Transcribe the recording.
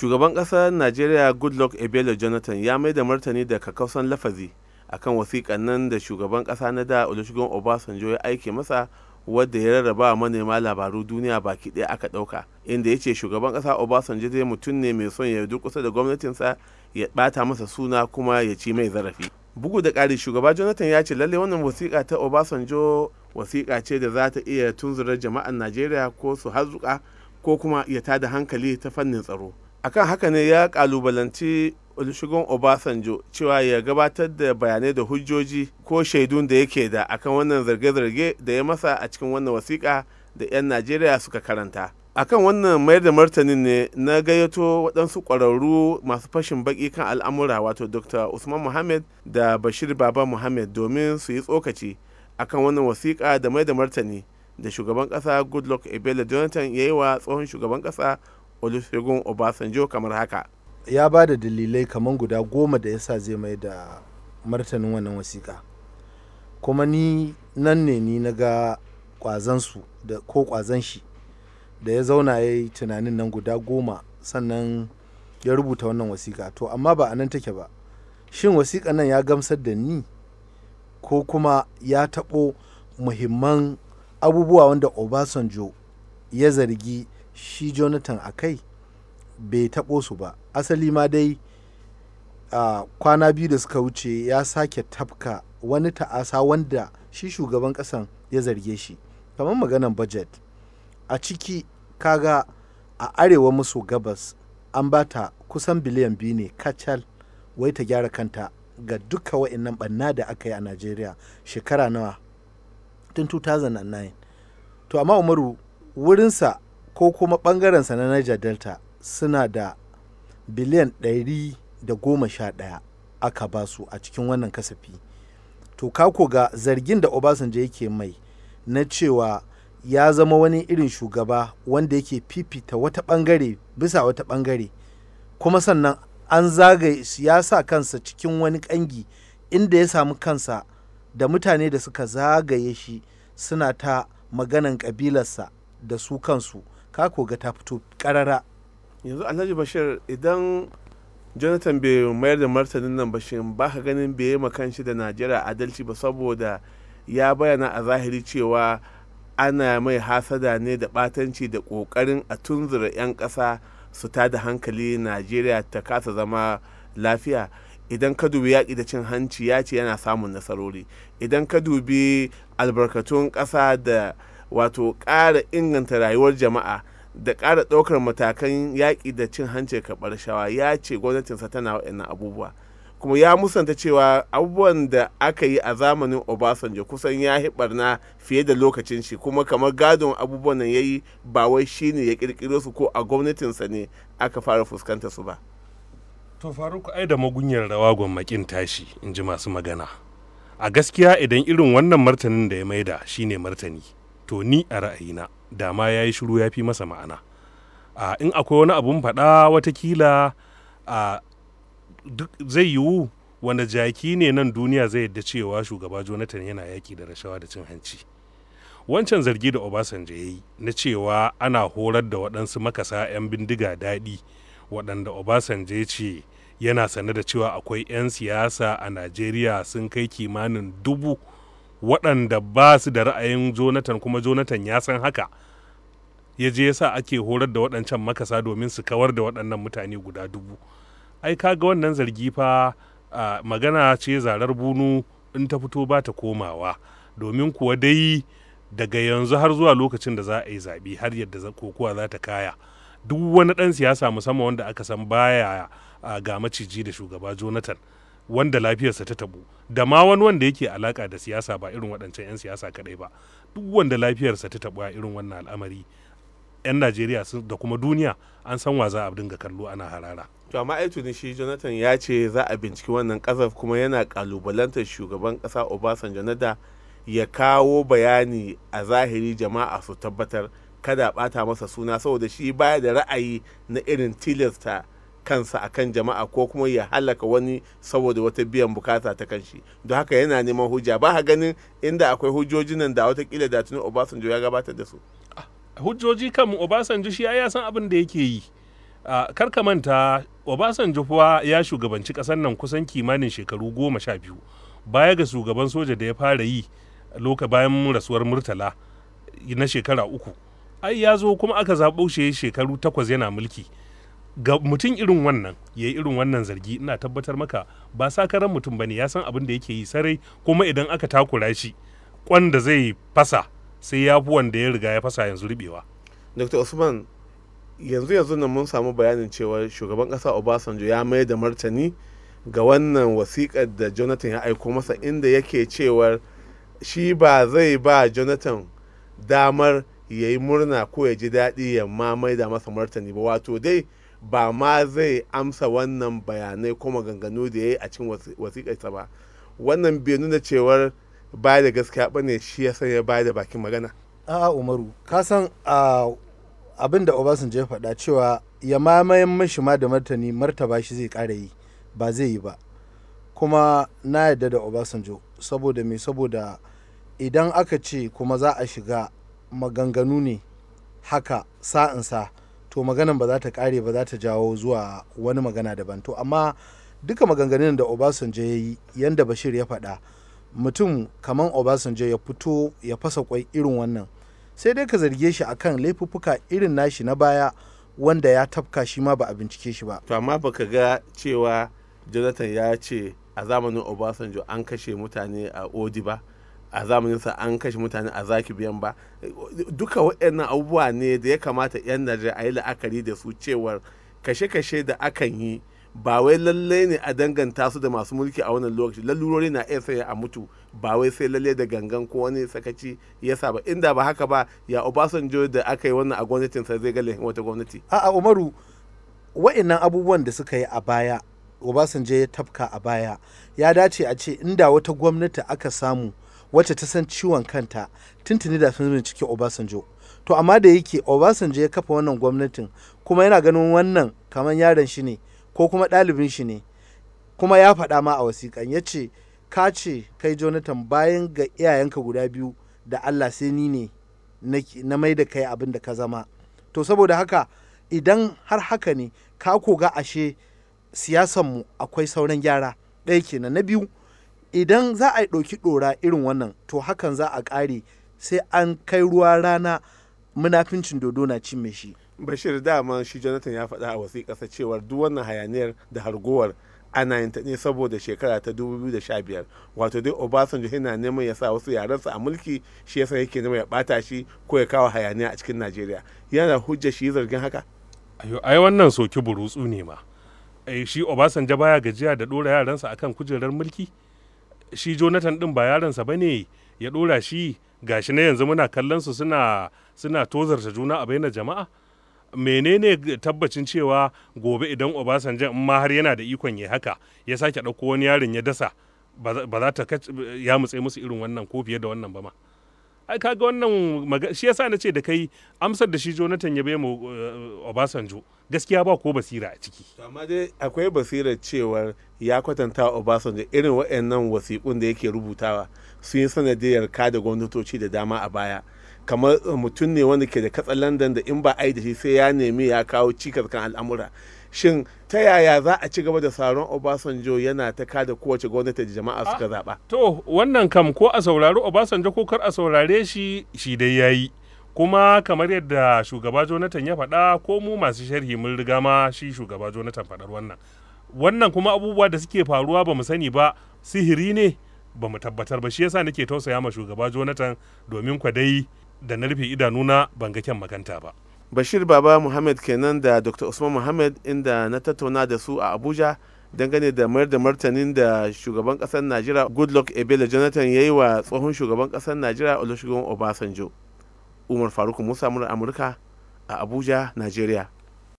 shugaban ƙasar najeriya goodluck ebele jonathan ya mai da martani da kakausan lafazi akan wasiƙan nan da shugaban ƙasa na da olusegun obasanjo ya aike masa wadda ya rarraba manema labaru duniya baki ɗaya aka ɗauka inda ya ce shugaban ƙasa obasanjo zai mutum ne mai son ya kusa da gwamnatinsa ya ɓata masa suna kuma ya ci mai zarafi bugu da ƙari shugaba jonathan ya ce lalle wannan wasiƙa ta obasanjo wasiƙa ce da za ta iya tunzurar jama'an najeriya ko su hazuka ko kuma ya tada hankali ta fannin tsaro akan haka ne ya kalubalanci olusegun obasanjo cewa ya gabatar da bayanai da hujjoji ko shaidun da yake da akan wannan zarge-zarge da ya masa a cikin wannan wasiƙa da 'yan najeriya suka karanta akan wannan mayar da martanin ne na gayyato waɗansu ƙwararru masu fashin baƙi kan al'amura wato dr usman muhammad da bashir baba muhammad domin su yi tsokaci akan wannan wasiƙa da mai da martani da shugaban ƙasa goodluck ebele jonathan ya yi wa tsohon shugaban ƙasa olusegun obasanjo kamar haka ya ba da dalilai kamar guda goma da yasa zai mai da martanin wannan wasiƙa kuma ni nan ne ni na ga kwazansu da ko kwazan shi da ya zauna ya yi tunanin nan guda goma sannan ya rubuta wannan wasiƙa to amma ba a nan take ba shin wasiƙa nan ya gamsar da ni ko kuma ya taɓo muhimman abubuwa wanda obasanjo ya zargi shi jonathan a kai bai taɓo su ba asali ma dai a kwana biyu da suka wuce ya sake tafka wani ta'asa wanda shi shugaban ƙasan ya zarge shi kamar maganan budget a ciki kaga a arewa maso gabas an bata kusan biliyan biyu ne kacal wai ta gyara kanta ga duka nan banna da aka yi a najeriya shekara nawa tun 2009 to amma umaru wurinsa ko kuma sa na niger delta suna da biliyan 111 aka ba su a cikin wannan kasafi to kako ga zargin da obasanjo yake mai na cewa ya zama wani irin shugaba wanda yake fifita wata bangare bisa wata ɓangare kuma sannan an zagaye ya sa kansa cikin wani ƙangi inda ya samu kansa da mutane da suka zagaye shi suna ta maganan ƙabilarsa da su kansu ka koga ta fito karara yanzu alhaji bashir idan jonathan bai mayar da martanin nan bashin baka ba ka ganin bai yi shi da najeriya adalci ba saboda ya bayyana a zahiri cewa ana mai hasada ne da batanci da kokarin a tunzura 'yan kasa su ta da hankali najeriya ta kasa zama lafiya idan ka dubi yaƙi da cin hanci ya ce yana samun nasarori idan ka dubi albarkatun ƙasa da wato ƙara inganta rayuwar jama'a da ƙara ɗaukar matakan yaƙi da cin hanci karɓar shawa ya ce gwamnatinsa tana waɗannan abubuwa kuma ya musanta cewa abubuwan da aka yi a zamanin obasanjo kusan ya yi barna fiye da lokacin shi kuma kamar gadon abubuwan nan ya yi ba wai shi ne ya ƙirƙiro su ko a gwamnatinsa ne aka fara fuskanta su ba to faruku ai da magunyar rawa gwammakin tashi in ji masu magana a gaskiya idan irin wannan martanin da ya maida shine martani to ni a ra'ayina dama ya yi shiru ya fi masa ma'ana a in akwai wani abun faɗa watakila a duk zai yiwu wanda jaki ne nan duniya zai yadda cewa shugaba jonathan yana yaƙi da rashawa da cin hanci wancan zargi da obasanjo ya yi na cewa ana horar da waɗansu makasa 'yan bindiga daɗi waɗanda obasanjo ya ce yana sane da cewa akwai 'yan siyasa a najeriya sun kai kimanin dubu waɗanda ba su da ra'ayin jonathan kuma jonathan ya san haka ya je yasa ake horar da waɗancan makasa domin su kawar da waɗannan mutane guda dubu ai ga wannan zargi fa magana ce zarar bunu in ta fito ba ta komawa domin kuwa dai daga yanzu har zuwa lokacin da za a yi zaɓe har yadda kokowa za ta kaya duk wani ɗan siyasa musamman wanda aka san baya ga maciji da shugaba jonathan wanda lafiyarsa ta tabu da ma wani wanda yake alaka da siyasa ba irin waɗancan 'yan siyasa kadai ba duk wanda lafiyarsa ta tabu a irin wannan al'amari 'yan najeriya da kuma duniya an san wa za a dinga kallo ana harara to amma ai tuni shi jonathan ya ce za a binciki wannan kasaf kuma yana kalubalantar shugaban kasa obasanjo na ya kawo bayani a zahiri jama'a su tabbatar kada bata masa suna saboda shi baya da ra'ayi na irin tilasta kansa kan jama'a ko kuma ya halaka wani saboda wata biyan bukata ta kan shi. don haka yana neman hujja ba ha ganin inda akwai hujjojin nan da watakila da tuni obasanjo ya gabatar da su ah, hujjoji kan obasanjo shi ya san abin da yake yi ah, kar ka manta obasanjo kuwa ya shugabanci kasar nan kusan kimanin shekaru goma sha biyu baya ga shugaban soja da ya fara yi loka bayan rasuwar murtala na shekara uku ai ya zo kuma aka zaɓo shi shekaru takwas yana mulki ga mutum irin wannan ya yi irin wannan zargi ina tabbatar maka ba sa karan mutum bane ya san abin da yake yi sarai kuma idan aka takura shi kwanda zai fasa sai ya fi wanda ya riga ya fasa yanzu ribewa dr usman yanzu yanzu nan mun samu bayanin cewa shugaban kasa obasanjo ya mai da martani ga wannan wasikar da jonathan ya aiko masa inda yake cewar shi ba zai ba jonathan damar ya yi murna ko ya ji daɗi ya ma mai da masa martani ba wato dai ba ma zai amsa wannan bayanai ko maganganu da ya yi a cikin wasiƙarsa ba wannan bai nuna cewar ba da gaskiya ba ne shi ya sanya ba da bakin magana a'a umaru ka san abin da obasanjo ya faɗa cewa ya mamayen mashi ma da martani martaba shi zai ƙara yi ba zai yi ba kuma na yarda da obasanjo saboda me saboda idan aka ce kuma za a shiga maganganu ne haka sa'insa sa to maganan ba za ta kare ba za ta jawo zuwa wani magana daban to amma duka maganganun da obasanjo ya yi yadda bashir ya faɗa mutum kamar obasanjo ya fito ya fasa kwai irin wannan sai dai ka zarge shi akan laifuffuka irin nashi na baya wanda ya tafka shi ma ba a bincike shi ba to amma baka ga cewa jonathan ya ce a zamanin obasanjo an kashe mutane a odi ba a zamaninsa an kashe mutane a zaki biyan ba duka waɗannan abubuwa ne da ya kamata 'yan najeriya a yi la'akari da su cewar kashe-kashe da akan yi ba wai lallai ne a danganta su da masu mulki a wannan lokaci lalurori na iya sanya a mutu ba wai sai lallai da gangan ko wani sakaci ya sa ba inda ba haka ba ya obasanjo da aka yi wannan a gwamnatin sa zai gale wata gwamnati a umaru wa'annan abubuwan da suka yi a baya obasanjo ya tafka a baya ya dace a ce inda wata gwamnati aka samu wacce ta san ciwon kanta tuntuni da sun bincike Obasanjo. To amma da yake Obasanjo ya kafa wannan gwamnatin kuma yana ganin wannan kamar yaron shi ne ko kuma ɗalibin shi ne kuma ya faɗa ma a wasiƙan ya ce ka ce kai Jonathan bayan ga iyayenka guda biyu da Allah sai ni ne na mai da kai abin da ka zama. To saboda haka idan har haka ne ka koga ashe siyasanmu akwai sauran gyara ɗaya kenan na biyu idan za a ɗauki ɗora irin wannan to hakan za a ƙare sai an kai ruwa rana munafincin dodo na cin shi. bashir dama shi jonathan ya faɗa a ƙasa cewar duk wannan hayaniyar da hargowar ana yin ta ne saboda shekara ta 2015 wato dai obasanjo yana neman ya sa wasu yaransa a mulki shi yasa yake neman ya bata shi ko ya kawo hayaniya a cikin najeriya yana hujja shi zargin haka ai wannan soki burutsu ne ma eh, shi obasanjo baya gajiya da ɗora yaransa akan kujerar mulki shi jonathan din ba yaransa ba ne ya ɗora shi ga shi na yanzu muna kallon su suna suna tozarta juna a bainar jama'a menene tabbacin cewa gobe idan obasanjo in ma har yana da ikon ya haka ya sake ɗauko wani yarin ya dasa ba za ta ya mutse musu irin wannan ko fiye da wannan ba ma ai kaga wannan shi yasa na ce da kai amsar da shi jonathan ya bai mu eh, obasanjo gaskiya ba ko basira a ciki amma dai akwai basira cewa ya kwatanta obasanjo irin waɗannan wasiƙun da yake rubutawa sun yi sanadiyar kada gwamnatoci da dama a baya kamar eh, mutum ne wanda ke da katsalandan da in ba ai da shi sai ya nemi ya kawo cikas kan al'amura shin ta yaya za a ci gaba da saron obasanjo yana ta kada kowace gwamnati da jama'a ah, suka zaɓa to wannan kam ko a saurari obasanjo ko kar a saurare shi shi dai yayi kuma kamar yadda shugaba jonathan ya faɗa ko mu masu sharhi mun riga ma shi shugaba jonathan faɗar wannan wannan kuma abubuwa da suke faruwa ba mu sani ba sihiri ne ba mu tabbatar ba shi yasa nake tausaya ma shugaba jonathan domin kwadai da na rufe idanuna ban ga kyan maganta ba bashir baba muhammad kenan da dr usman muhammad inda na tattauna da su a abuja dangane da mayar da martanin da shugaban kasar najeriya goodluck ebele jonathan ya yi wa tsohon shugaban kasar najeriya olusegun obasanjo umar faruk musa mura amurka a abuja najeriya